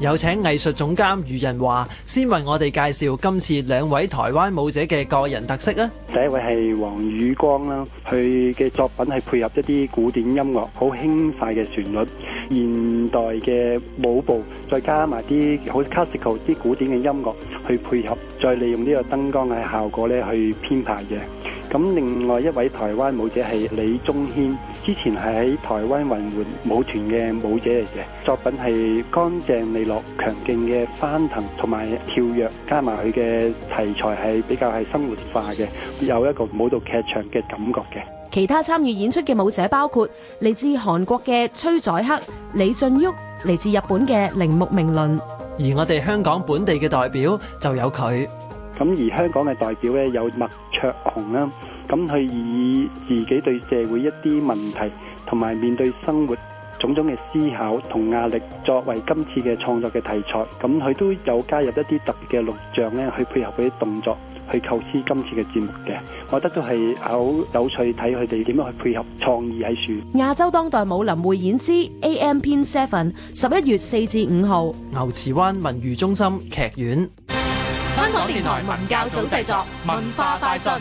有請藝術總監余仁華，先為我哋介紹今次兩位台灣舞者嘅個人特色啊！第一位係黃宇光啦，佢嘅作品係配合一啲古典音樂，好輕快嘅旋律，現代嘅舞步，再加埋啲好 classical 啲古典嘅音樂去配合，再利用呢個燈光嘅效果咧去編排嘅。咁另外一位台灣舞者係李宗軒，之前係喺台灣雲門舞團嘅舞者嚟嘅，作品係乾淨利落、強勁嘅翻騰同埋跳躍，加埋佢嘅題材係比較係生活化嘅，有一個舞蹈劇場嘅感覺嘅。其他參與演出嘅舞者包括嚟自韓國嘅崔宰赫、李俊旭，嚟自日本嘅鈴木明倫，而我哋香港本地嘅代表就有佢。咁而香港嘅代表咧有麥窮啦，咁佢以自己對社會一啲問題，同埋面對生活種種嘅思考同壓力，作為今次嘅創作嘅題材，咁佢都有加入一啲特別嘅錄像咧，去配合嗰啲動作，去構思今次嘅節目嘅。我覺得都係好有趣，睇佢哋點樣去配合創意喺處。亞洲當代舞林匯演之 AMP Seven，十一月四至五號，牛池灣文娛中心劇院。香港電台文教組製作，《文化快訊》。